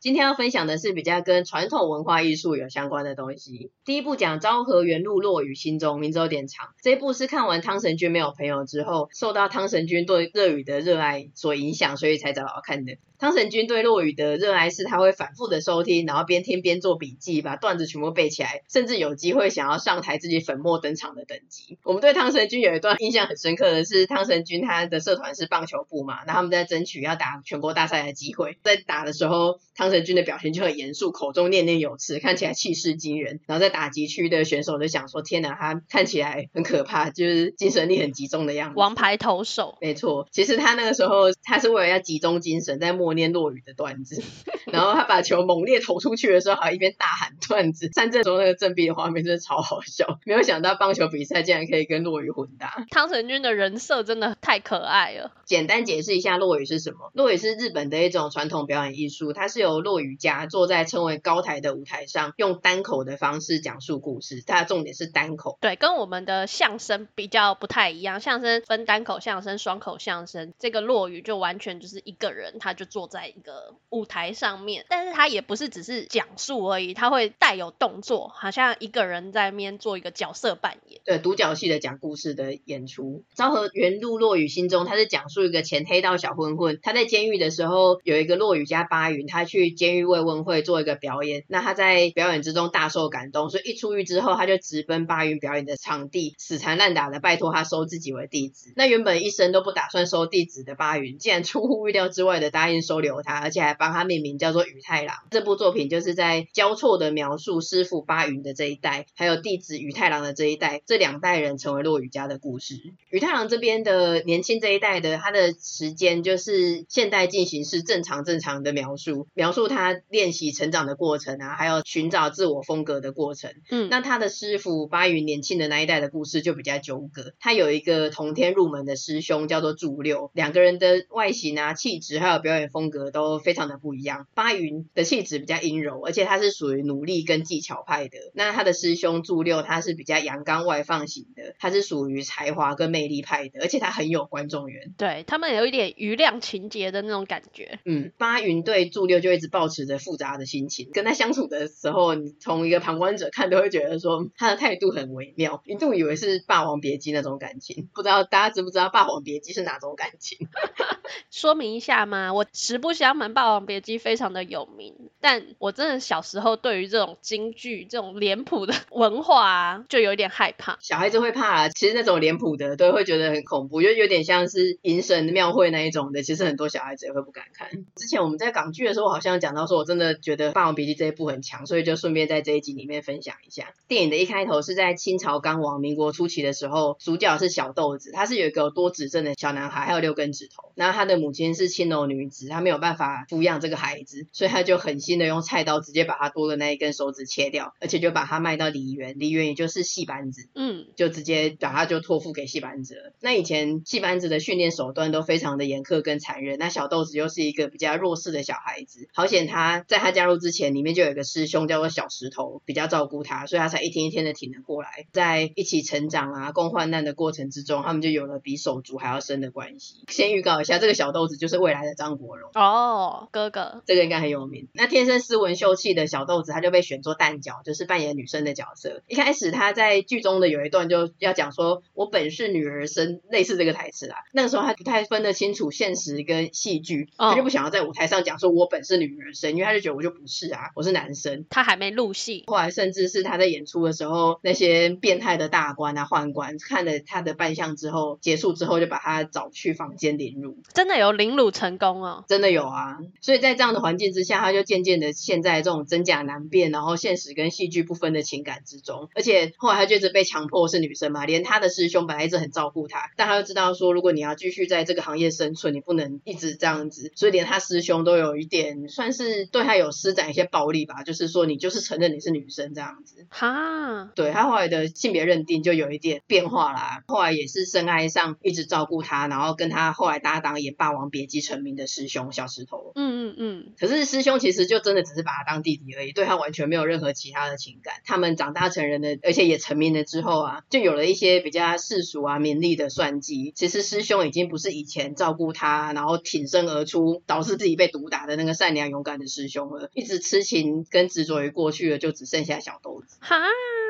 今天要分享的是比較跟傳統文化藝術有相關的東西。第一部講《昭和元祿落語心中》，名字有點長。這一部是看完湯神君沒有朋友之後，受到湯神君對落語的熱愛所影響，所以才找來看的。湯神君對落語的熱愛是他會反覆的收聽，然後邊聽邊做筆記，把段子全部背起來，甚至有機會想要上台自己粉墨登場的等級。我們對湯神君有一段印象很深刻的是，湯神君他的社團是棒球部嘛，然後他們在爭取要打全國大賽的機會，在打的時候湯。神君的表現就很嚴肅，口中念念有詞，看起來氣勢驚人。然後在打擊區的選手就想說：“天哪，他看起來很可怕，就是精神力很集中的樣子。”王牌投手，沒錯。其實他那個時候，他是為了要集中精神，在默念落語的段子。 然後他把球猛烈投出去的時候，還一邊大喊段子。三振時候那個振臂的畫面，真的超好笑。沒有想到棒球比賽竟然可以跟落語混搭。湯神君的人設真的太可愛了。簡單解釋一下落語是什麼？落語是日本的一種傳統表演藝術，它是由。落語家坐在稱為高台的舞台上，用單口的方式講述故事。它的重點是單口，對，跟我們的相聲比較不太一樣。相聲分單口相聲、雙口相聲，這個落語就完全就是一個人，他就坐在一個舞台上面，但是他也不是只是講述而已，他會帶有動作，好像一個人在面做一個角色扮演，對，獨角戲的講故事的演出。昭和元祿落語心中，他是講述一個前黑道小混混，他在監獄的時候有一個落語家八雲，他去監獄慰問會做一個表演，那他在表演之中大受感動，所以一出獄之後，他就直奔八雲表演的場地，死纏爛打的拜托他收自己為弟子。那原本一生都不打算收弟子的八雲，竟然出乎意料之外的答應收留他，而且還幫他命名叫做與太郎。這部作品就是在交錯的描述師父八雲的這一代，還有弟子與太郎的這一代，這兩代人成為落語家的故事。與太郎這邊的年輕這一代的，他的時間就是現代進行式，正常正常的描述描述。助他練習成長的過程啊，還有尋找自我風格的過程。嗯，那他的師父八雲年輕的那一代的故事就比較糾葛。他有一個同天入門的師兄叫做助六，兩個人的外形啊、氣質、還有表演風格都非常的不一樣。八雲的氣質比較陰柔，而且他是屬於努力跟技巧派的。那他的師兄助六，他是比較陽剛外放型的，他是屬於才華跟魅力派的，而且他很有觀眾緣。對，他們有一點瑜亮情結的那種感覺。嗯，八雲對助六就一直，抱持着複雜的心情，跟他相處的時候，你從一個旁觀者看都會覺得說他的態度很微妙，一度以為是《霸王別姬》那種感情。不知道大家知不知道《霸王別姬》是哪種感情？ 說明一下嘛？我實不相瞞，《霸王別姬》非常的有名，但我真的小時候對於這種京劇、這種臉譜的文化、啊、就有點害怕。小孩子會怕，其實那種臉譜的都會覺得很恐怖，就有點像是迎神廟會那一種的，其實很多小孩子也會不敢看。之前我們在港劇的時候，好像。講到說我真的覺得《霸王別姬》這一部很強，所以就順便在這一集裡面分享一下。電影的一開頭是在清朝剛亡、民國初期的時候，主角是小豆子，他是有一個有多指症的小男孩，還有六根指頭。那他的母親是青樓女子，她沒有辦法撫養這個孩子，所以他就狠心的用菜刀直接把他多的那一根手指切掉，而且就把他賣到梨園，梨園也就是戲班子，嗯，就直接把他就托付給戲班子了。那以前戲班子的訓練手段都非常的嚴苛跟殘忍，那小豆子又是一個比較弱勢的小孩子，好。而且他在他加入之前，裡面就有一個師兄叫做小石頭，比較照顧他，所以他才一天一天的挺了過來，在一起成長啊，共患難的過程之中，他們就有了比手足還要深的關係。先預告一下，這個小豆子就是未來的張國榮哦，哥哥，這個應該很有名。那天生斯文秀氣的小豆子，他就被選作旦角，就是扮演女生的角色。一開始他在劇中的有一段就要講說“我本是女兒身”，類似這個台詞啦、啊。那個時候他不太分得清楚現實跟戲劇，哦、他就不想要在舞台上講說“我本是女”。女生，因為他就覺得我就不是啊，我是男生。他還沒入戲，後來甚至是他在演出的時候，那些變態的大官啊、宦官，看了他的扮相之後，結束之後就把他找去房間凌辱，真的有凌辱成功哦，真的有啊。所以在這樣的環境之下，他就漸漸的陷在這種真假難辨，然後現實跟戲劇不分的情感之中。而且後來他就一直被強迫是女生嘛，連他的師兄本來一直很照顧他，但他又知道說，如果你要繼續在這個行業生存，你不能一直這樣子，所以連他師兄都有一點。算是對他有施展一些暴力吧，就是說你就是承認你是女生這樣子，哈，對，他後來的性別認定就有一點變化啦。後來也是深愛上一直照顧他，然後跟他後來搭檔演《霸王別姬》成名的師兄小石頭，嗯嗯嗯。可是師兄其實就真的只是把他當弟弟而已，對他完全沒有任何其他的情感。他們長大成人了，而且也成名了之後啊，就有了一些比較世俗啊、名利的算計。其實師兄已經不是以前照顧他，然後挺身而出，導致自己被毒打的那個善良。勇敢的師兄了，一直癡情跟執着於過去了，就只剩下小豆子。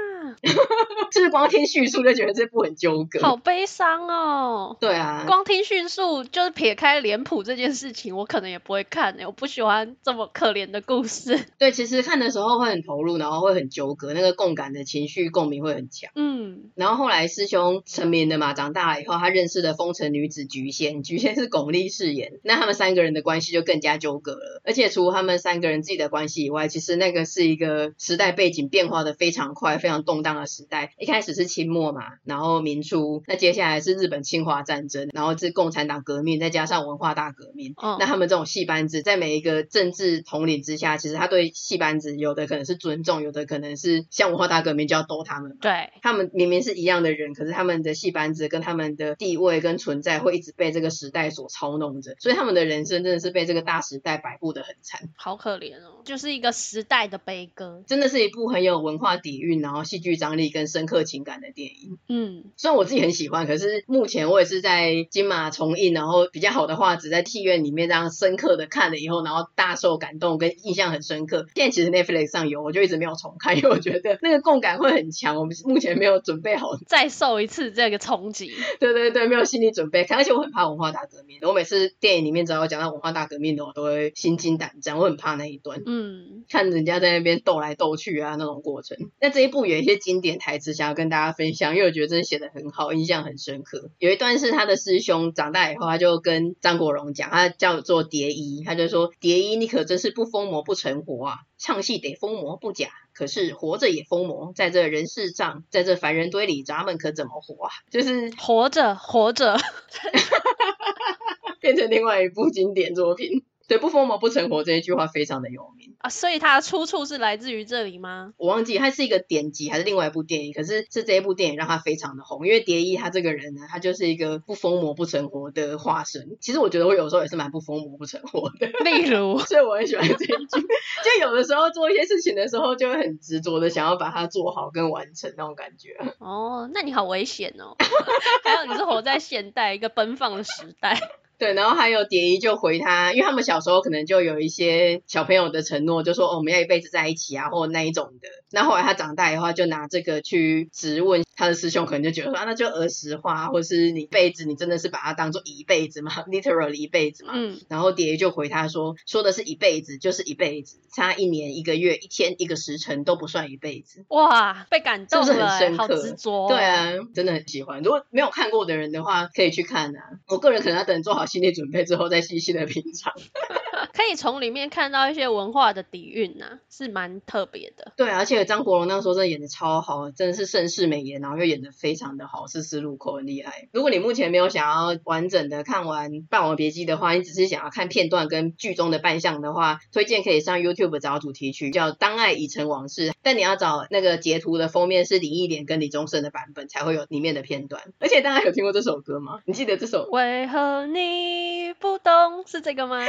就 是光聽敘述就覺得這部很糾葛，好悲傷哦。對啊，光聽敘述、述就是撇開臉譜這件事情，我可能也不會看，欸，我不喜歡這麼可憐的故事。對，其實看的時候會很投入，然後會很糾葛，那個共感的情緒共鳴會很強。嗯，然後後來師兄成名了嘛，長大以後他認識了風塵女子菊仙，菊仙是鞏俐飾演，那他們三個人的關係就更加糾葛了。而且除了他們三個人自己的關係以外，其實那個是一個時代背景變化的非常快，非常。動盪的時代，一開始是清末嘛，然後民初，那接下來是日本侵華戰爭，然後是共產黨革命，再加上文化大革命。哦，那他們這種戲班子，在每一個政治統領之下，其實他對戲班子有的可能是尊重，有的可能是像文化大革命就要鬥他們嘛。對，他們明明是一樣的人，可是他們的戲班子跟他們的地位跟存在，會一直被這個時代所操弄着，所以他們的人生真的是被這個大時代擺佈得很慘，好可憐哦，就是一個時代的悲歌，真的是一部很有文化底蘊，然後戲。具張力跟深刻情感的電影，嗯，雖然我自己很喜歡，可是目前我也是在金馬重映，然後比較好的話，只在戲院裡面這樣深刻的看了以後，然後大受感動跟印象很深刻。現在其實 Netflix 上有，我就一直沒有重看，因為我覺得那個共感會很強。我們目前沒有準備好再受一次這個衝擊。 對對對，沒有心理準備，而且我很怕文化大革命。我每次電影裡面只要講到文化大革命的，我都會心驚膽戰。我很怕那一段，嗯，看人家在那邊鬥來鬥去啊那種過程。 那這一部也些經典台詞想要跟大家分享，因為我覺得真的寫的很好，印象很深刻。有一段是他的師兄長大以後，他就跟張國榮講，他叫做蝶衣，他就說：“蝶衣，你可真是不瘋魔不成活啊！唱戲得瘋魔不假，可是活着也瘋魔，在這人世上，在這凡人堆裡，咱們可怎麼活啊？”就是活着，活着， 變成另外一部經典作品。對“不瘋魔不成活”這一句話，非常的有名。啊，所以它出處是來自於這裡嗎？我忘記，他是一個典籍，還是另外一部電影？可是是這一部電影讓他非常的紅，因為蝶衣他這個人呢，他就是一個不瘋魔不成活的化身。其實我覺得我有時候也是蠻不瘋魔不成活的，例如，所以我很喜歡這一句， 就有的時候做一些事情的時候，就會很執着的想要把它做好跟完成那種感覺。哦，那你好危險哦， 還有你是活在現代一個奔放的時代。對，然後還有蝶衣就回他，因為他們小時候可能就有一些小朋友的承諾，就說哦，我們要一輩子在一起啊，或者那一種的。那後，後來他長大以後，就拿這個去質問他的師兄，可能就覺得說啊，那就兒時話，或是你一輩子你真的是把它當做一輩子嗎？Literally 一輩子嗎？嗯。然後蝶衣就回他說，說的是一輩子，就是一輩子，差一年一個月一天一個時辰都不算一輩子。哇，被感動了，是很深刻。執着。對啊，真的很喜歡。如果沒有看過的人的話，可以去看啊。我個人可能要等做好。心理準備之後再細細的品嘗 ， 可以從裡面看到一些文化的底蘊吶、啊，是蠻特別的。對、啊，而且張國榮那時候真的演的超好，真的是盛世美顏，然後又演的非常的好，絲絲入扣，很厲害。如果你目前沒有想要完整的看完《霸王別姬》的話，你只是想要看片段跟劇中的扮相的話，推薦可以上 YouTube 找主題曲，叫《當愛已成往事》，但你要找那個截圖的封面是林憶蓮跟李宗盛的版本，才會有裡面的片段。而且大家有聽過這首歌嗎？你記得這首？為何你？你不懂是這個嗎？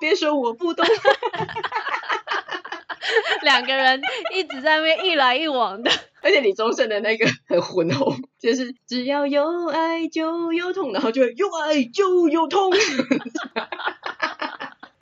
別說我不懂，兩 個人一直在那邊一來一往的， 而且李宗盛的那個很渾厚，就是只要有愛就有痛，然後就會有愛就有痛。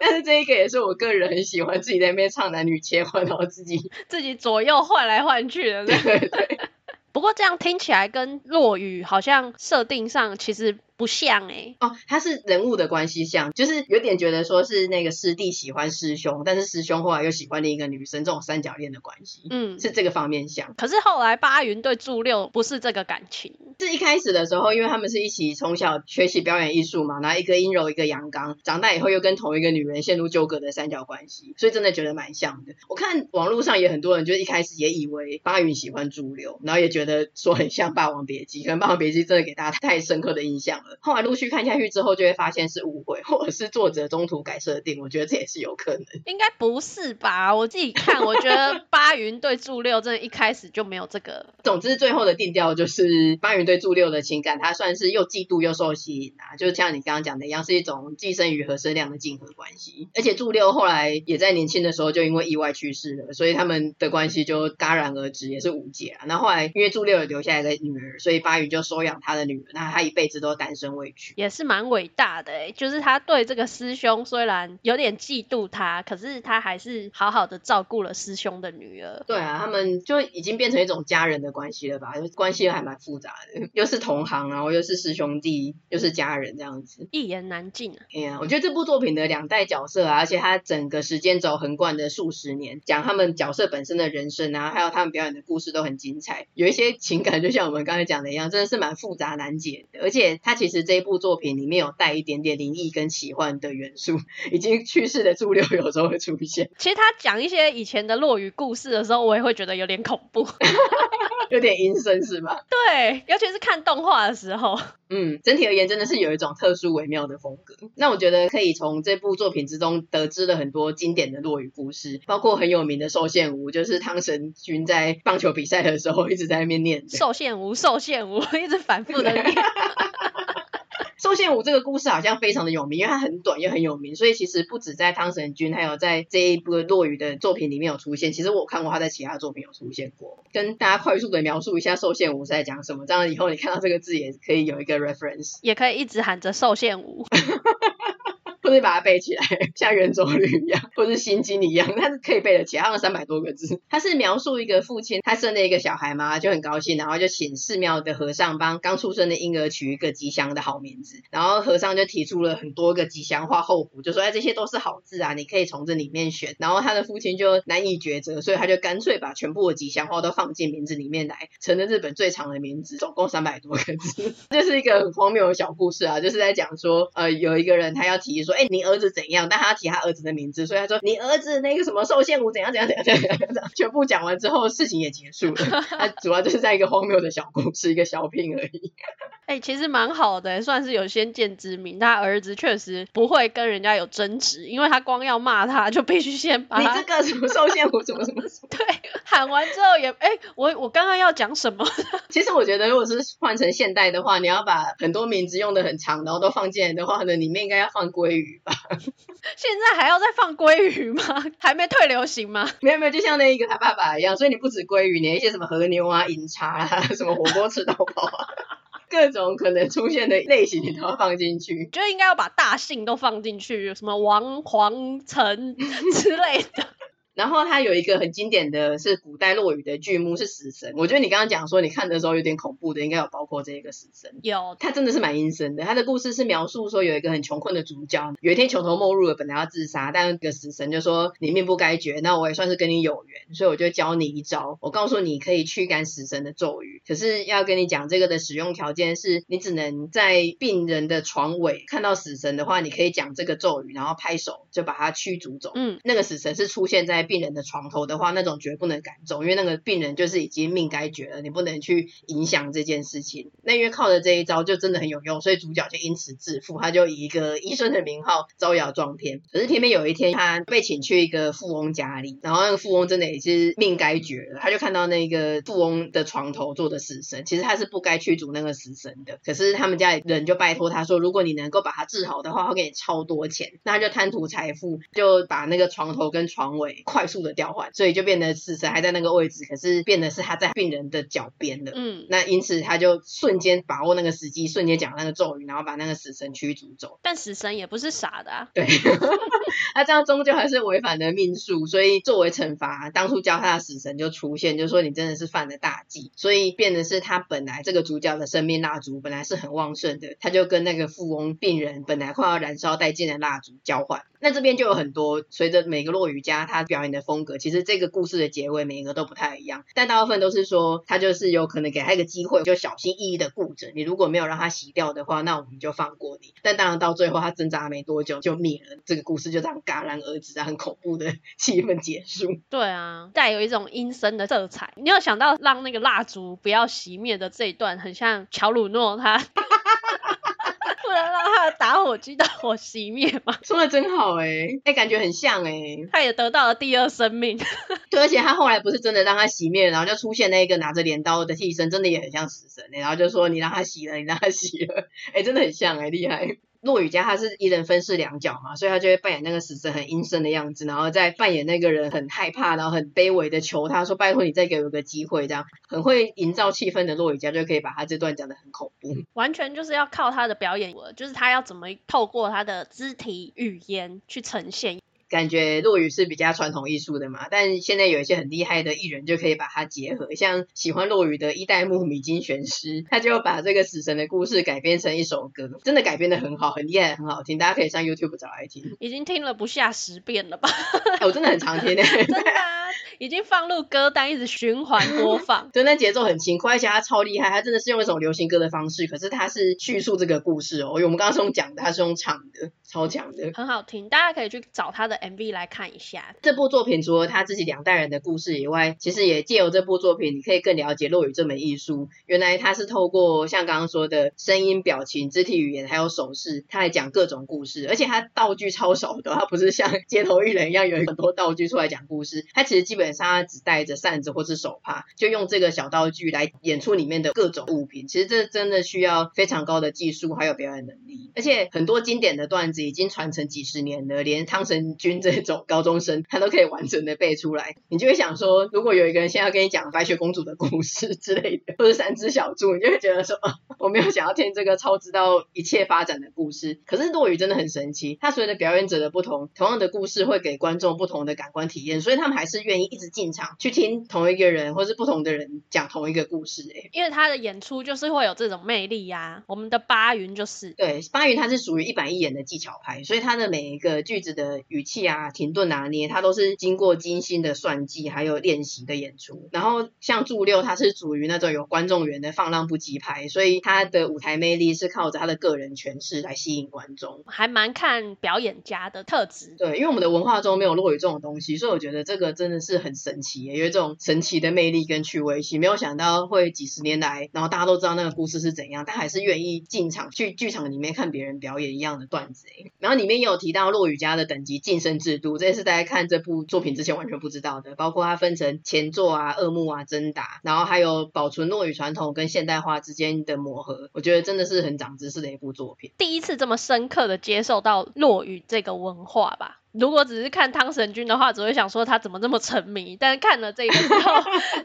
但是這一個也是我個人很喜歡，自己在那邊唱男女切換，然後自己自己左右換來換去的。對對、對。 不過這樣聽起來跟落語好像設定上其實。不像哎、欸、哦，他是人物的關係像，就是有點覺得說是那個師弟喜歡師兄，但是師兄後來又喜歡另一個女生，這種三角戀的關係，嗯，是這個方面像。可是後來八雲對助六不是這個感情，是一開始的時候，因為他們是一起從小學習表演藝術嘛，然後一個陰柔一個陽剛，長大以後又跟同一個女人陷入糾葛的三角關係，所以真的覺得蠻像的。我看網絡上也很多人就是一開始也以為八雲喜歡助六，然後也覺得說很像《霸王別姬》，可能《霸王別姬》真的給大家太深刻的印象了。後來陸續看下去之後，就會發現是誤會，或者是作者中途改設定。我覺得這也是有可能。應該不是吧？我自己看， 我覺得八雲對助六，真的一開始就沒有這個。總之，最後的定調就是八雲對助六的情感，他算是又嫉妒又受吸引啊，就是像你剛剛講的一樣，是一種既生瑜何生亮的競合關係。而且助六後來也在年輕的時候就因為意外去世了，所以他們的關係就戛然而止，也是無解啊。那後，後來因為助六有留下來的女兒，所以八雲就收養他的女兒，那他一輩子都單。委屈也是蠻偉大的欸，就是他對這個師兄雖然有點嫉妒他，可是他還是好好的照顧了師兄的女兒。對啊，他們就已經變成一種家人的關係了吧？就關係還蠻複雜的，又是同行，然後又是師兄弟，又是家人，這樣子，一言難盡啊。哎呀，啊，我覺得這部作品的兩代角色啊，而且他整個時間軸橫貫的數十年，講他們角色本身的人生啊，然後還有他們表演的故事都很精彩。有一些情感，就像我們剛才講的一樣，真的是蠻複雜難解的，而且他其實。其實這部作品裡面有帶一點點靈異跟奇幻的元素，已經去世的助六有時候會出現。其實他講一些以前的落語故事的時候，我也會覺得有點恐怖， 有點陰森是吧？對，尤其是看動畫的時候。嗯，整體而言真的是有一種特殊微妙的風格。那我覺得可以從這部作品之中得知了很多經典的落語故事，包括很有名的壽限無，就是湯神君在棒球比賽的時候一直在那邊念壽限無、壽限無，一直反覆的念。 壽限無這個故事好像非常的有名，因為它很短又很有名，所以其實不止在湯神君，還有在這一部落語的作品裡面有出現。其實我看過他在其他作品有出現過，跟大家快速的描述一下壽限無是在講什麼，這樣以後你看到這個字也可以有一個 reference，也可以一直喊着壽限無。 就是把它背起來，像圓周率一樣，或是心經一樣，它是可以背得起來。它有三百多個字。它是描述一個父親他生了一個小孩嘛，媽媽就很高興，然後就請寺廟的和尚幫剛出生的嬰兒取一個吉祥的好名字。然後和尚就提出了很多個吉祥話候補，就說哎，這些都是好字啊，你可以從這裡面選。然後他的父親就難以抉擇，所以他就乾脆把全部的吉祥話都放進名字裡面來，成了日本最長的名字，總共三百多個字。這，就是一個很荒謬的小故事啊，就是在講說，呃，有一個人他要提出說。哎、欸，你兒子怎樣？但他提他兒子的名字，所以他說，你兒子那個什麼壽限無怎樣怎樣怎樣怎樣，全部講完之後事情也結束了。他主要就是在一個荒謬的小故事，一個小品而已。哎、欸，其實蠻好的，欸，算是有先見之明。他兒子確實不會跟人家有爭執，因為他光要罵他就必須先把他，你這個什麼壽限無什麼什麼，什麼，什麼 對，喊完之後也哎、欸，我我剛剛要講什麼？其實我覺得如果是換成現代的話，你要把很多名字用得很長，然後都放進來的話，呢，裡面應該要放鮭魚。現在還要再放鮭魚嗎？還沒退流行嗎？沒有沒有，就像那一個他爸爸一樣，所以你不止鮭魚，你還一些什麼和牛啊、飲茶啊、什麼火鍋吃到飽啊， 各種可能出現的類型你都要放進去。就覺得應該要把大姓都放進去，什麼王、黃、陳之類的。 然後他有一個很經典的是古代落語的劇目是死神，我覺得你剛剛講說你看的時候有點恐怖的，應該有包括這個死神。有，他真的是蠻陰森的。他的故事是描述說有一個很窮困的主角，有一天窮途末路了，本來要自殺，但那個死神就說，你命不該絕，那我也算是跟你有緣，所以我就教你一招，我告訴你可以驅趕死神的咒語。可是要跟你講這個的使用條件是，你只能在病人的床尾看到死神的話，你可以講這個咒語，然後拍手就把他驅逐走。嗯，那個死神是出現在。病人的床頭的話，那種絕不能趕走，因為那個病人就是已經命該絕了，你不能去影響這件事情。那因為靠着這一招就真的很有用，所以主角就因此致富，他就以一個醫生的名號招搖撞騙。可是偏偏有一天，他被請去一個富翁家裡，然後那個富翁真的也是命該絕了，他就看到那個富翁的床頭坐的死神，其實他是不該驅逐那個死神的，可是他們家裡人就拜托他說，如果你能夠把他治好的話，他會給你超多錢。那他就貪圖財富，就把那個床頭跟床尾。快速的調換，所以就變得死神還在那個位置，可是變得是他在病人的腳邊了。嗯，那因此他就瞬間把握那個時機，瞬間講那個咒語，然後把那個死神驅逐走。但死神也不是傻的、啊，對，他、 啊、這樣終究還是違反了命數，所以作為懲罰，當初教他的死神就出現，就說你真的是犯了大忌。所以變得是他本來這個主角的生命蠟燭本來是很旺盛的，他就跟那個富翁病人本來快要燃燒殆盡的蠟燭交換。那這邊就有很多隨着每個落語家他表演的風格，其實這個故事的結尾每一個都不太一樣，但大，大部分都是說他就是有可能給他一個機會，就小心翼翼的顧着你，如果沒有讓他熄掉的話，那我們就放過你。但當然到最後，他掙扎沒多久就滅了，這個故事就這樣戛然而止，在很恐怖的氣氛結束。對啊，帶有一種陰森的色彩。你有想到讓那個蠟燭不要熄滅的這一段，很像喬魯諾他。 打火機的火熄滅嗎？說得真好哎、欸，哎、欸，感覺很像哎、欸，他也得到了第二生命，對， 而且他後來不是真的讓他熄滅，然後就出現那個拿着鐮刀的替身，真的也很像死神、欸、然後就說你讓他熄了，你讓他熄了，哎、欸，真的很像哎、欸，厲害。落語家他是一人分飾兩角嘛，所以他就會扮演那個死神很陰森的樣子，然後再扮演那個人很害怕，然後很卑微的求他說：“拜托你再給我一個機會。”這樣很會營造氣氛的落語家就可以把他這段講得很恐怖，完全就是要靠他的表演就是他要怎麼透過他的肢體語言去呈現。感覺落語是比較傳統藝術的嘛，但現在有一些很厲害的藝人就可以把它結合，像喜歡落語的一代目米津玄師，他就把這個死神的故事改編成一首歌，真的改編的很好，很厲害，很好聽，大家可以上 YouTube 找來聽。已經聽了不下十遍了吧？哎、我真的很常聽 對、啊，真啊 已經放入歌單一直循環播放。 對，那節奏很輕快，而且他超厲害，他真的是用一種流行歌的方式，可是他是敘述這個故事哦，因為我們剛剛是用講的，他是用唱的，超強的，很好聽，大家可以去找他的。MV 來看一下這部作品，除了他自己兩代人的故事以外，其實也借由這部作品，你可以更了解落語這門藝術。原來他是透過像剛剛說的聲音、表情、肢體語言，還有手勢，他來講各種故事。而且他道具超少的，他不是像街頭藝人一樣有很多道具出來講故事。他其實基本上他只帶着扇子或是手帕，就用這個小道具來演出裡面的各種物品。其實這真的需要非常高的技術還有表演能力，而且很多經典的段子已經傳承幾十年了，連湯臣。這種高中生他都可以完整的背出來，你就會想說，如果有一個人現在要跟你講白雪公主的故事之類的，或者三隻小豬，你就會覺得說，哦，我沒有想要聽這個超知道一切發展的故事。可是落語真的很神奇，他隨着表演者的不同，同樣的故事會給觀眾不同的感官體驗，所以他們還是願意一直進場去聽同一個人，或是不同的人講同一個故事。哎，因為他的演出就是會有這種魅力呀，啊。我們的八雲就是，對，八雲，他是屬於一板一眼的技巧派，所以他的每一個句子的語氣。啊，停頓拿、啊、捏，他都是經過精心的算計，還有練習的演出。然後像助六，他是屬於那種有觀眾緣的放浪不羈派，所以他的舞台魅力是靠着他的個人詮釋來吸引觀眾，還蠻看表演家的特質。對，因為我們的文化中沒有落語這種東西，所以我覺得這個真的是很神奇，因為這種神奇的魅力跟趣味性，沒有想到會幾十年來，然後大家都知道那個故事是怎樣，但還是願意進場去劇場裡面看別人表演一樣的段子。然後裡面也有提到落語家的等級晉升制度，這也是大家看這部作品之前完全不知道的。包括它分成前座啊、二目啊、真打，然後還有保存落語傳統跟現代化之間的磨合，我覺得真的是很長知識的一部作品。第一次這麼深刻的接受到落語這個文化吧。如果只是看湯神君的話，只會想說他怎麼這麼沉迷。但是看了這個之後，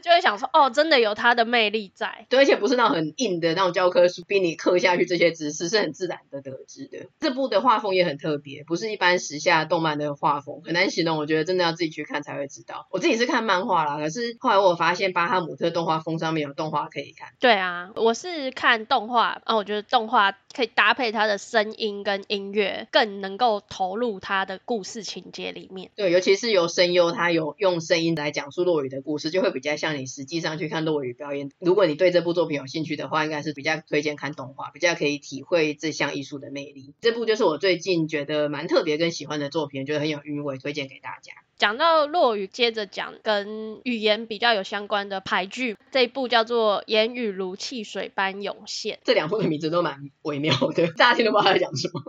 就會想說哦，真的有他的魅力在。對，而且不是那種很硬的那種教科書，逼你刻下去這些知識是很自然的得知的。這部的畫風也很特別，不是一般時下動漫的畫風，很難形容。我覺得真的要自己去看才會知道。我自己是看漫畫啦，可是後來我發現巴哈姆特動畫瘋上面有動畫可以看。對啊，我是看動畫啊，我覺得動畫可以搭配他的聲音跟音樂，更能夠投入他的故事。事情節裡面，對，尤其是由聲優，他有用聲音來講述落語的故事，就會比較像你實際上去看落語表演。如果你對這部作品有興趣的話，應該是比較推薦看動畫，比較可以體會這項藝術的魅力。這部就是我最近覺得蠻特別跟喜歡的作品，覺得很有韻味，推薦給大家。講到落語，接着講跟語言比較有相關的俳句，這一部叫做《言語如汽水般湧現》。這兩部的名字都蠻微妙的， 大家聽都不知道在講什麼，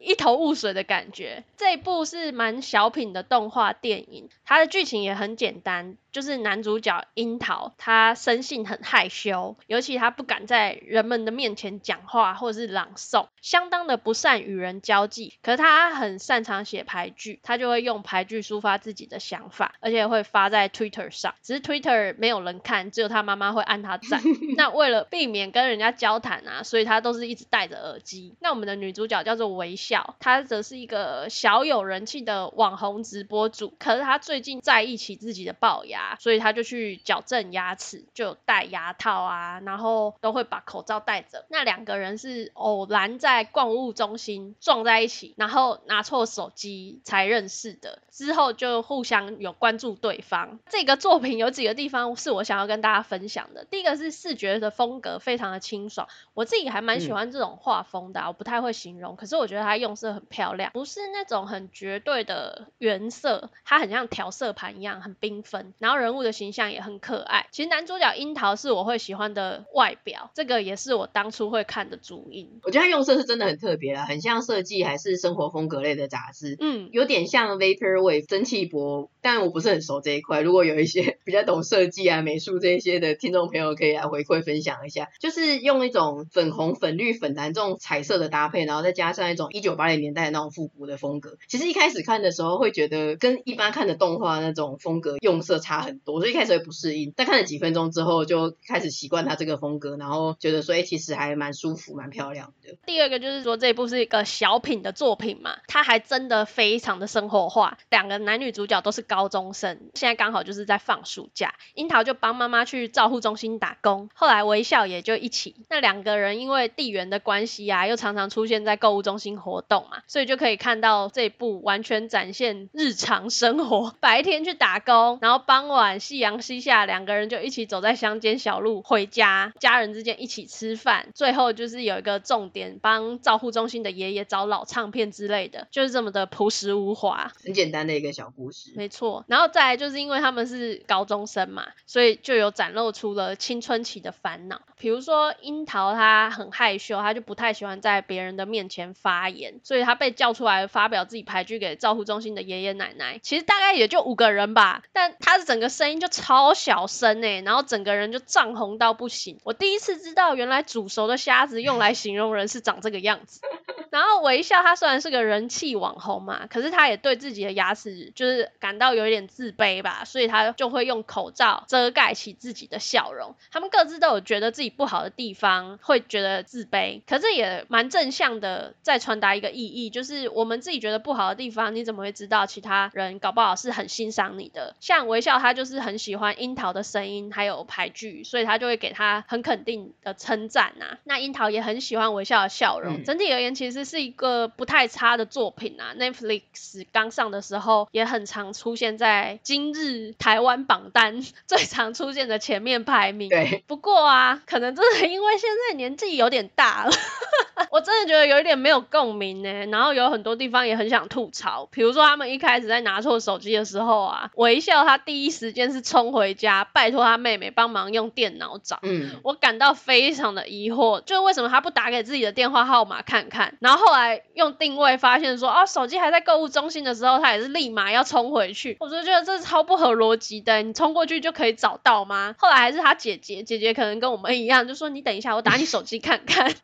一頭霧水的感覺。這一部是蠻小品的動畫電影，它的劇情也很簡單。就是男主角櫻桃，他生性很害羞，尤其他不敢在人們的面前講話或者是朗誦，相當的不善與人交際。可是他很擅長寫俳句，他就會用俳句抒發自己的想法，而且會發在 Twitter 上。只是 Twitter 沒有人看，只有他媽媽會按他讚。 那為了避免跟人家交談啊，所以他都是一直戴着耳機。那我們的女主角叫做微笑，她則是一個小有人氣的網紅直播主。可是她最近在意起自己的龅牙。所以他就去矯正牙齒，就戴牙套啊，然後都會把口罩戴着。那兩個人是偶然在逛購物中心撞在一起，然後拿錯手機才認識的。之後就互相有關注對方。這個作品有幾個地方是我想要跟大家分享的。第一個是視覺的風格非常的清爽，我自己還蠻喜歡這種畫風的、啊。嗯、我不太會形容，可是我覺得它用色很漂亮，不是那種很絕對的原色，它很像調色盤一樣，很繽紛。然後人物的形象也很可愛。其實男主角櫻桃是我會喜歡的外表，這個也是我當初會看的主因。我覺得它用色是真的很特別啊，很像設計還是生活風格類的雜誌，嗯，有點像 Vapor Wave 蒸汽波，但我不是很熟這一塊。如果有一些比較懂設計啊、美術這一些的聽眾朋友，可以來回饋分享一下。就是用一種粉紅、粉綠、粉藍，這種彩色的搭配，然後再加上一種一九八零年代的那種復古的風格。其實一開始看的時候會覺得跟一般看的動畫那種風格用色差。很多，所以一開始會不適應，但看了幾分鐘之後就開始習慣他這個風格，然後覺得說，哎、欸，其實還蠻舒服、蠻漂亮的。第二個就是說，這一部是一個小品的作品嘛，它還真的非常的生活化。兩個男女主角都是高中生，現在剛好就是在放暑假，櫻桃就幫媽媽去照護中心打工，後來微笑也就一起。那兩個人因為地緣的關係啊，又常常出現在購物中心活動嘛，所以就可以看到這一部完全展現日常生活，白天去打工，然後幫。晚，夕陽西下，兩個人就一起走在鄉間小路回家，家人之間一起吃飯。最後就是有一個重點，幫照護中心的爺爺找老唱片之類的，就是這麼的樸實無華，很簡單的一個小故事。沒錯，然後再來就是因為他們是高中生嘛，所以就有展露出了青春期的煩惱，比如說櫻桃她很害羞，她就不太喜歡在別人的面前發言，所以她被叫出來發表自己俳句給照護中心的爺爺奶奶，其實大概也就五個人吧，但他是整。整個聲音就超小聲哎、欸，然後整個人就漲紅到不行。我第一次知道，原來煮熟的蝦子用來形容人是長這個樣子。 然後微笑，他雖然是個人氣網紅嘛，可是他也對自己的牙齒就是感到有一點自卑吧，所以他就會用口罩遮蓋起自己的笑容。他們各自都有覺得自己不好的地方，會覺得自卑，可是也蠻正向的在傳達一個意義，就是我們自己覺得不好的地方，你怎麼會知道其他人搞不好是很欣賞你的？像微笑，他就是很喜歡櫻桃的聲音還有俳句，所以他就會給他很肯定的稱讚吶、啊。那櫻桃也很喜歡微笑的笑容。嗯、整體而言，其實。是一個不太差的作品啊，Netflix 剛上的時候也很常出現在今日台灣榜單最常出現的前面排名對。不過啊，可能真的因為現在年紀有點大了， 我真的覺得有一點沒有共鳴呢、欸。然後有很多地方也很想吐槽，比如說他們一開始在拿錯手機的時候啊，我一笑他第一時間是衝回家拜托他妹妹幫忙用電腦找。嗯，我感到非常的疑惑，就是為什麼他不打給自己的電話號碼看看？然後後來用定位發現說哦，手機還在購物中心的時候，他也是立馬要衝回去。我就覺得這是超不合邏輯的，你衝過去就可以找到嗎？後來還是他姐姐，姐姐可能跟我們一樣，就說你等一下，我打你手機看看。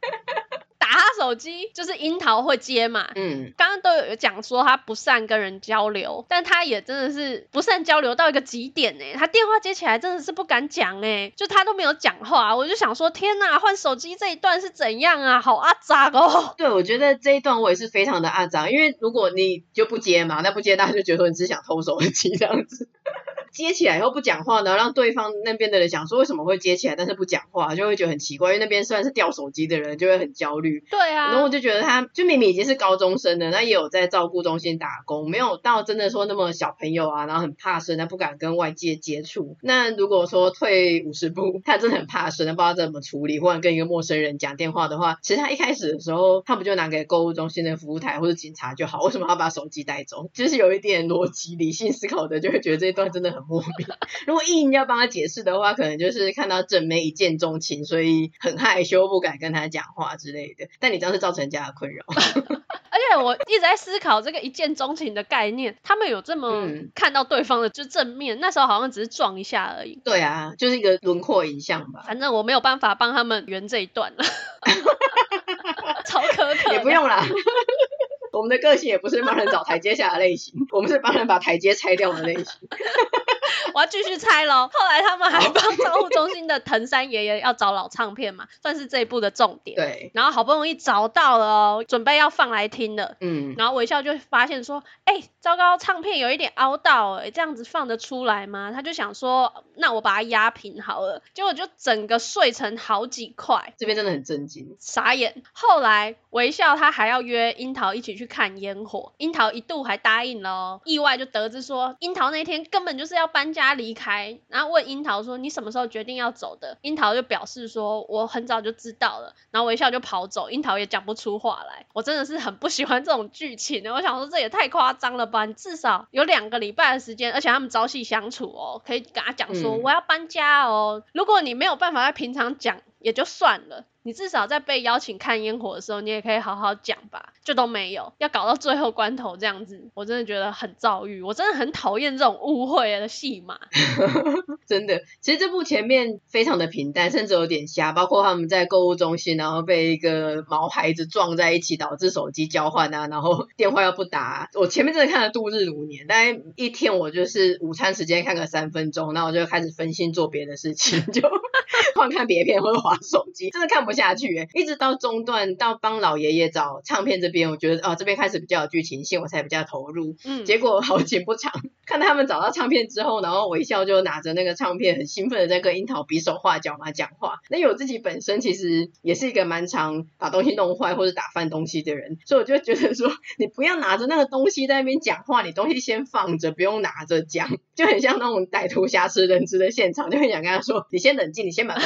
打、啊、他手機就是櫻桃會接嘛，嗯，剛剛都有講說他不善跟人交流，但他也真的是不善交流到一個極點呢。他電話接起來真的是不敢講哎，就他都沒有講話，我就想說天吶，換手機這一段是怎樣啊？好阿雜哦！對，我覺得這一段我也是非常的阿雜，因為如果你就不接嘛，那不接大家就覺得說你只是想偷手機這樣子。接起來以後不講話，然後讓對方那邊的人想說為什麼會接起來，但是不講話，就會覺得很奇怪。因為那邊雖然是掉手機的人，就會很焦慮。對啊。然後我就覺得他，就明明已經是高中生了，那也有在照顧中心打工，沒有到真的說那麼小朋友啊，然後很怕生，他不敢跟外界接觸。那如果說退五十步，他真的很怕生，他不知道怎麼處理，或者跟一個陌生人講電話的話，其實他一開始的時候，他不就拿給購物中心的服務台或者警察就好，為什麼要把手機帶走？就是有一點邏輯理性思考的，就會覺得這一段真的很。 如果硬要幫他解釋的話，可能就是看到正妹一見鍾情，所以很害羞，不敢跟他講話之類的。但你這樣是造成人家的困擾。 而且我一直在思考這個一見鍾情的概念，他們有這麼看到對方的、嗯、就正面？那時候好像只是撞一下而已。對啊，就是一個輪廓影像吧。反正我沒有辦法幫他們圓這一段了， 超可可也不用啦， 我們的個性也不是幫人找台階下的類型，我們是幫人把台階拆掉的類型。 我要繼續猜嘍。後來他們還幫照護中心的藤山爺爺要找老唱片嘛，算是這一部的重點。對。然後好不容易找到了哦，準備要放來聽了。嗯。然後微笑就發現說：“哎、欸，糟糕，唱片有一點凹到、欸，哎，這樣子放得出來嗎？”他就想說：“那我把它壓平好了。”結果就整個碎成好幾塊。這邊真的很震驚，傻眼。後來微笑他還要約櫻桃一起去看煙火，櫻桃一度還答應嘍、哦。意外就得知說，櫻桃那天根本就是要搬家。他離開，然後問櫻桃說：“你什麼時候決定要走的？”櫻桃就表示說：“我很早就知道了。”然後微笑就跑走，櫻桃也講不出話來。我真的是很不喜歡這種劇情欸，我想說這也太誇張了吧！你至少有兩個禮拜的時間，而且他們朝夕相處哦，可以跟他講說我要搬家哦。嗯，如果你沒有辦法在平常講。也就算了，你至少在被邀請看煙火的時候，你也可以好好講吧。就都沒有，要搞到最後關頭這樣子，我真的覺得很躁鬱，我真的很討厭這種誤會的戲碼。 真的，其實這部前面非常的平淡，甚至有點瞎。包括他們在購物中心，然後被一個毛孩子撞在一起，導致手機交換啊，然後電話又不打啊。我前面真的看了度日如年，大概一天我就是午餐時間看個三分鐘，那我就開始分心做別的事情就。 換看別片或者滑手機，真的看不下去誒、欸，一直到中段到幫老爺爺找唱片這邊，我覺得哦、啊、這邊開始比較有劇情性，我才比較投入。嗯，結果好景不長，看到他們找到唱片之後，然後我一笑就拿着那個唱片，很興奮的在跟櫻桃比手畫腳嘛講話。那我自己本身其實也是一個蠻常把東西弄壞或者打翻東西的人，所以我就覺得說，你不要拿着那個東西在那邊講話，你東西先放着，不用拿着講，就很像那種歹徒挾持人質的現場，就很想跟他說，你先冷靜，你先把它。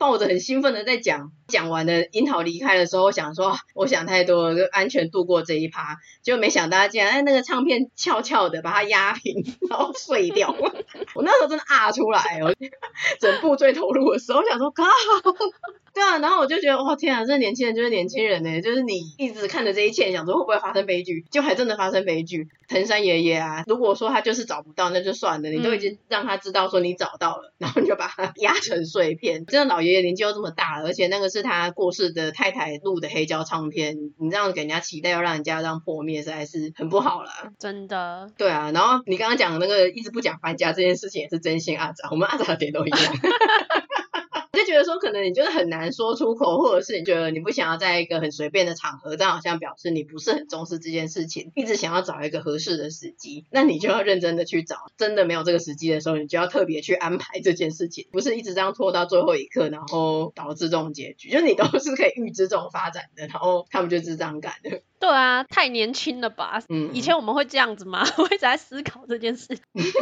抱着很興奮的在講，講完了櫻桃離開的時候，想說、啊、我想太多了，就安全度過這一趴，結果沒想到他竟然哎，那個唱片翹翹的，把它壓平，然後碎掉 我那時候真的啊出來哦，整部最投入的時候，想說靠， 對啊，然後我就覺得哇天啊，這年輕人就是年輕人呢、欸，就是你一直看着這一切，想說會不會發生悲劇，就還真的發生悲劇。藤山爺爺啊，如果說他就是找不到，那就算了，你都已經讓他知道說你找到了，然後你就把它壓成碎片，真的老爺。也年紀又這麼大了，而且那個是他過世的太太錄的黑膠唱片，你這樣給人家期待，要讓人家這樣破滅，實在是很不好了。真的。對啊，然後你剛剛講的那個一直不講搬家這件事情，也是真心啊，阿宅，我們阿宅的點都一樣。 就覺得說，可能你就是很難說出口，或者是你覺得你不想要在一個很隨便的場合，但好像表示你不是很重視這件事情，一直想要找一個合適的時機，那你就要認真的去找。真的沒有這個時機的時候，你就要特別去安排這件事情，不是一直這樣拖到最後一刻，然後導致這種結局。就是你都是可以預知這種發展的，然後他們就是這樣幹的。對啊，太年輕了吧？嗯，嗯，以前我們會這樣子嗎？我一直在思考這件事。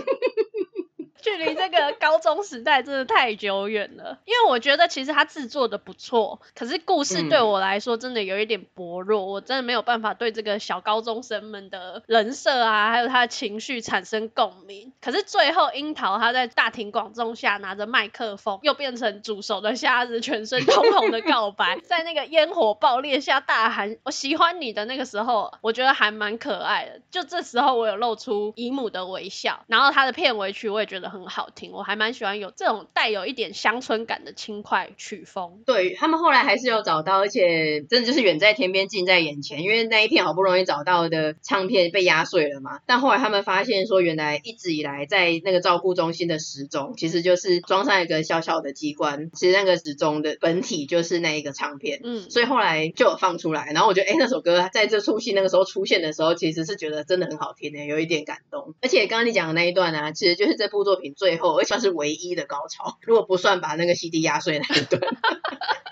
距離這個高中時代真的太久遠了，因為我覺得其實他制作的不錯，可是故事對我來說真的有一點薄弱，嗯、我真的沒有辦法對這個小高中生們的人設啊，還有他的情緒產生共鳴。可是最後櫻桃他在大庭廣眾下拿着麥克風，又變成煮熟的蝦子，全身通紅的告白， 在那個煙火爆裂下大喊“我喜歡你”的那個時候，我覺得還蠻可愛的。就這時候我有露出姨母的微笑，然後他的片尾曲我也覺得很。很好聽，我還蠻喜歡有這種帶有一點鄉村感的輕快曲風。對，他們後來還是有找到，而且真的就是遠在天邊近在眼前，因為那一片好不容易找到的唱片被壓碎了嘛。但後來他們發現說，原來一直以來在那個照顧中心的時鐘，其實就是裝上一個小小的機關，其實那個時鐘的本體就是那一個唱片。嗯，所以後來就有放出來。然後我覺得，哎、欸，那首歌在這出戲那個時候出現的時候，其實是覺得真的很好聽的、欸，有一點感動。而且剛剛你講的那一段呢、啊，其實就是這部作品，最後也算是唯一的高潮，如果不算把那個 CD 壓碎那一段。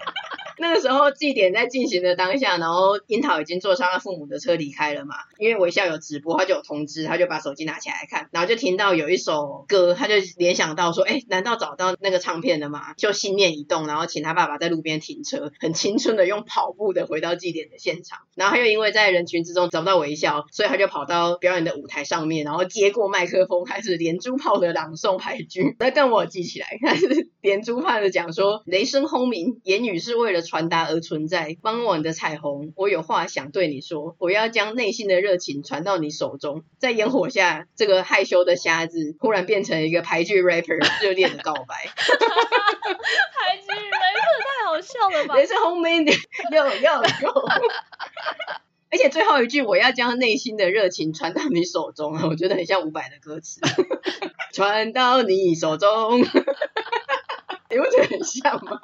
那個時候祭典在進行的當下，然後櫻桃已經坐上了父母的車離開了嘛，因為微笑有直播，他就有通知，他就把手機拿起來看，然後就聽到有一首歌，他就聯想到說，哎，難道找到那個唱片了嗎？就心念一動，然後請他爸爸在路邊停車，很青春的用跑步的回到祭典的現場，然後他又因為在人群之中找不到微笑，所以他就跑到表演的舞台上面，然後接過麥克風開始連珠炮的朗誦俳句。那但我記起來，他是連珠炮的講說，雷聲轟鳴，言語是為了。傳達而存在。傍晚的彩虹，我有話想對你說，我要將內心的熱情傳到你手中。在煙火下，這個害羞的瞎子忽然變成一個俳句 rapper 熱烈的告白。俳句 rapper 太好笑了吧？也是 homie 的，有有有。而且最後一句，我要將內心的熱情傳到你手中，我覺得很像伍佰的歌詞。 傳到你手中，你不覺得很像嗎？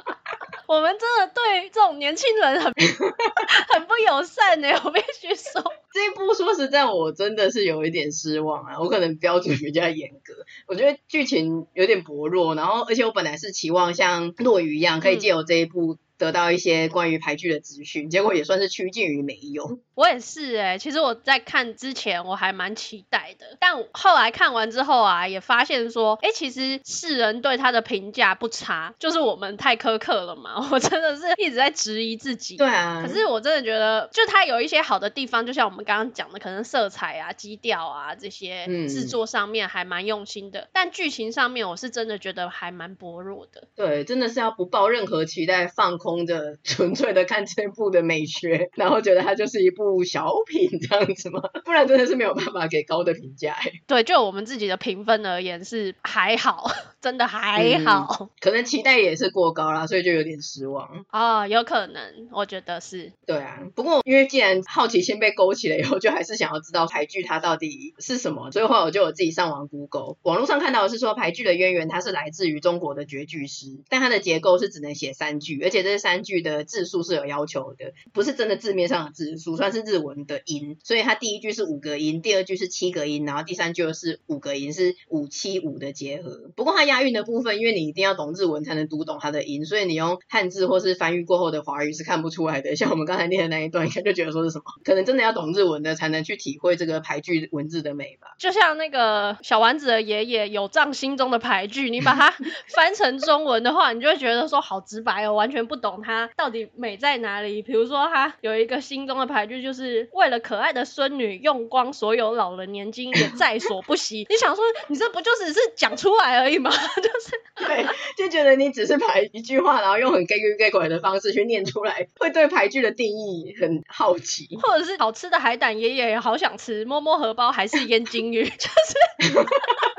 我們真的對這種年輕人很很不友善呢，我必須說。 這一部說實在，我真的是有一點失望啊。我可能標準比較嚴格，我覺得劇情有點薄弱，然後而且我本來是期望像落語一樣可以借由這一部。嗯得到一些關於排劇的資訊，結果也算是趨近於沒有。我也是哎、欸，其實我在看之前我還蠻期待的，但後來看完之後啊，也發現說，哎、欸，其實世人對他的評價不差，就是我們太苛刻了嘛。我真的是一直在質疑自己。對啊。可是我真的覺得，就他有一些好的地方，就像我們剛剛講的，可能色彩啊、基調啊這些制作上面還蠻用心的。嗯、但劇情上面，我是真的覺得還蠻薄弱的。對，真的是要不抱任何期待，放空。着純粹的看這部的美學，然後覺得它就是一部小品這樣子嗎？不然真的是沒有辦法給高的評價。對，就我們自己的評分而言是還好，真的還好。嗯、可能期待也是過高啦，所以就有點失望啊、哦，有可能我覺得是對啊。不過因為既然好奇心被勾起了以後，就還是想要知道俳句它到底是什麼，所以後來我就我自己上網 Google，網絡上看到的是說俳句的淵源它是來自於中國的絕句詩，但它的結構是只能寫三句，而且這。這三句的字數是有要求的，不是真的字面上的字數，算是日文的音。所以它第一句是五個音，第二句是七個音，然後第三句又是五個音，是五七五的結合。不過它押韻的部分，因為你一定要懂日文才能讀懂它的音，所以你用漢字或是翻譯過後的華語是看不出來的。像我們剛才念的那一段，應該就覺得說是什麼？可能真的要懂日文的才能去體會這個俳句文字的美吧。就像那個小丸子的爺爺友藏心中的俳句，你把它翻成中文的話， 你就會覺得說好直白哦，完全不。懂他到底美在哪裡？比如說，他有一個心中的俳句，就是為了可愛的孫女，用光所有老人年金也在所不惜。 你想說，你這不就只是講出來而已嗎？就是對，就覺得你只是排一句話，然後用很 gay gay g 的方式去念出來，會對俳句的定義很好奇，或者是好吃的海膽，爺爺好想吃，摸摸荷包還是煙金魚，就是。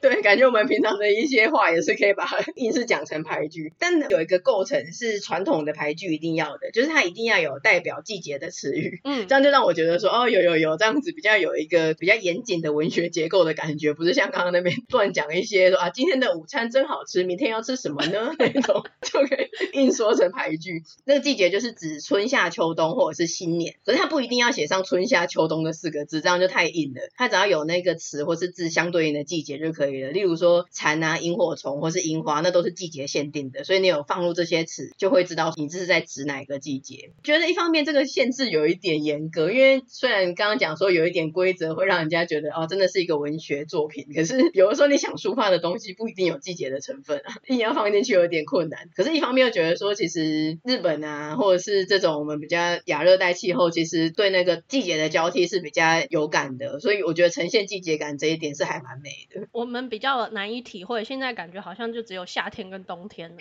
對，感覺我們平常的一些話也是可以把硬是講成俳句，但有一個構成是傳統的俳句一定要的，就是它一定要有代表季節的詞語，嗯，這樣就讓我覺得說哦，有有有這樣子比較有一個比較嚴謹的文學結構的感覺，不是像剛剛那邊亂講一些說啊，今天的午餐真好吃，明天要吃什麼呢 那種就可以硬說成俳句。那個季節就是指春夏秋冬或者是新年，可是它不一定要寫上春夏秋冬的四個字，這樣就太硬了，它只要有那個詞或是字相對應的季節。就可以了。例如說蟬啊、螢火蟲或是櫻花，那都是季節限定的，所以你有放入這些詞，就會知道你這是在指哪個季節。覺得一方面這個限制有一點嚴格，因為雖然剛剛講說有一點規則會讓人家覺得哦，真的是一個文學作品，可是有的時候你想抒發的東西不一定有季節的成分啊，你要放進去有點困難。可是，一方面又覺得說，其實日本啊，或者是這種我們比較亞熱帶氣候，其實對那個季節的交替是比較有感的，所以我覺得呈現季節感這一點是還蠻美的。我們比較難以體會，現在感覺好像就只有夏天跟冬天了。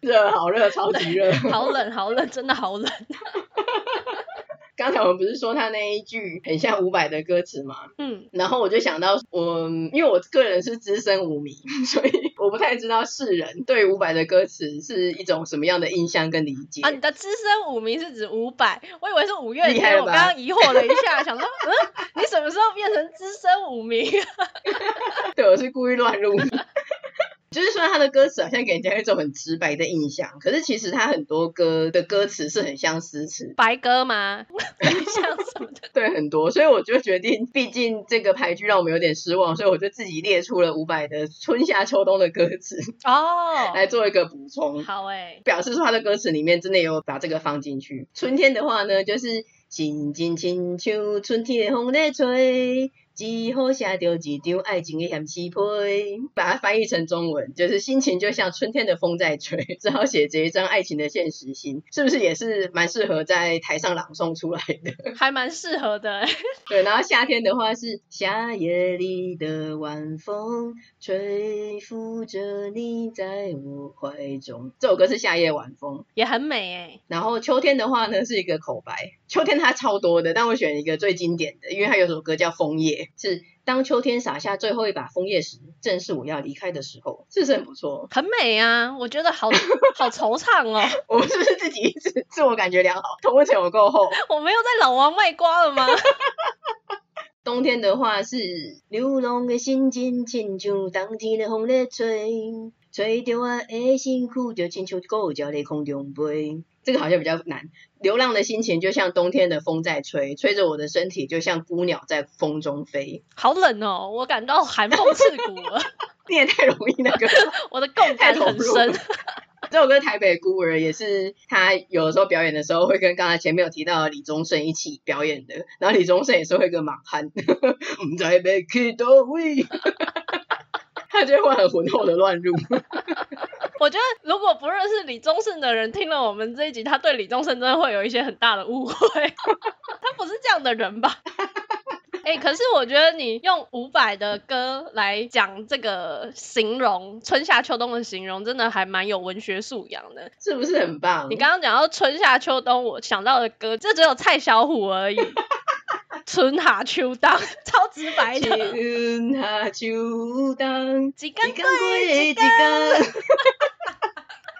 熱， 好熱，超級熱。好冷，好冷，真的好冷。 剛才我們不是說他那一句很像伍佰的歌詞嗎？嗯，然後我就想到我，因為我個人是資深伍迷，所以我不太知道世人對伍佰的歌詞是一種什麼樣的印象跟理解。啊，你的資深伍迷是指伍佰？我以為是五月天。厲害了吧？我剛剛疑惑了一下， 想說，嗯，你什麼時候變成資深伍迷？哈哈哈哈，對，我是故意亂入的。哈哈哈哈。就是說他的歌詞好像給人家一種很直白的印象，可是其實他很多歌的歌詞是很像詩詞。白鴿嗎？像什麼？對，很多，所以我就決定，畢竟這個俳句讓我們有點失望，所以我就自己列出了伍佰的春夏秋冬的歌詞哦，oh, 來做一個補充。好哎耶，表示說他的歌詞裡面真的有把這個放進去。春天的話呢，就是晴晴晴秋，春天的風在吹。只好寫著一張愛情的鹹濕片，把它翻譯成中文，就是心情就像春天的風在吹，只好寫這一張愛情的現實心，是不是也是蠻適合在台上朗誦出來的？還蠻適合的。對，然後夏天的話是 夏夜裡的晚風，吹拂着你在我懷中，這首歌是夏夜晚風，也很美誒。然後秋天的話呢是一個口白，秋天它超多的，但我選一個最經典的，因為它有首歌叫楓葉。是當秋天灑下最後一把楓葉時，正是我要離開的時候。是不是很不錯？很美啊！我覺得好 好惆悵哦。我們是不是自己自我感覺良好？頭我剪我夠厚，我沒有在老王賣瓜了嗎？ 冬天的話是 流浪的心境，親像當天的紅在吹。吹掉我、啊、的、欸、辛苦，就牽出狗叫你空中杯。這個好像比較難。流浪的心情，就像冬天的風在吹，吹着我的身體，就像孤鳥在風中飛。好冷哦，我感到寒風刺骨了。 你也太容易那個， 我的共感很深。 這首歌台北的孤兒也是他有的時候表演的時候，會跟剛才前面有提到的李宗盛一起表演的。然後李宗盛也是會跟馬漢，唔 知要去多遠。 他就會很渾厚的亂入。 我覺得如果不認識李宗盛的人聽了我們這一集，他對李宗盛真的會有一些很大的誤會。 他不是這樣的人吧？哎、 欸，可是我覺得你用伍佰的歌來講這個形容春夏秋冬的形容，真的還蠻有文學素養的，是不是很棒？嗯、你剛剛講到春夏秋冬，我想到的歌，就只有蔡小虎而已。 春夏秋冬，超直白的。春夏秋冬，幾根？幾根？幾根、 欸？哈哈哈哈哈哈！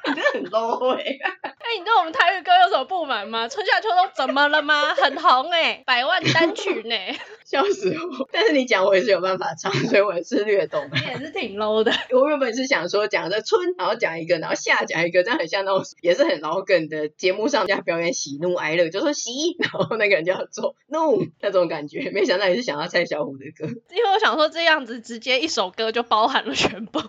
真的很 low 哎。哎，你對我們台語歌有什麼不滿嗎？春夏秋冬怎麼了嗎？ 很紅哎、欸，百萬單曲呢、欸。 笑死我！但是你講我也是有辦法唱，所以我也是略懂。你也是挺 low 的。我原本是想說，講這春，然後講一個，然後夏講一個，這樣很像那種也是很老梗的節目上，人家表演喜怒哀樂，就說喜，然後那個人就要做怒 那種感覺。沒想到你是想要蔡小虎的歌，因為我想說這樣子直接一首歌就包含了全部。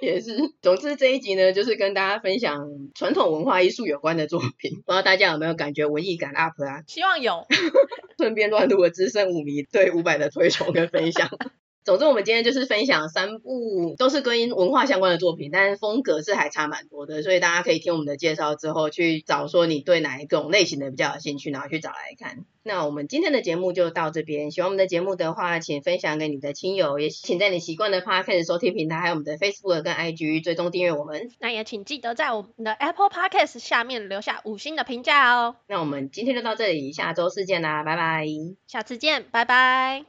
也是，總之這一集呢，就是跟大家分享傳統文化藝術有關的作品。不知道大家有沒有感覺文藝感 up 啊？希望有。順 便亂入我資深五迷對伍佰的推崇跟分享。 總之，我們今天就是分享三部都是跟文化相關的作品，但是風格是還差蠻多的，所以大家可以聽我們的介紹之後去找說你對哪一種類型的比較有興趣，然後去找來看。那我們今天的節目就到這邊，喜歡我們的節目的話，請分享給你的親友，也請在你習慣的 podcast 收聽平台還有我們的 Facebook 跟 IG 追蹤訂閱我們，那也請記得在我們的 Apple Podcast 下面留下五星的評價哦。那我們今天就到這裡，下週四見啦，拜拜，下次見，拜拜。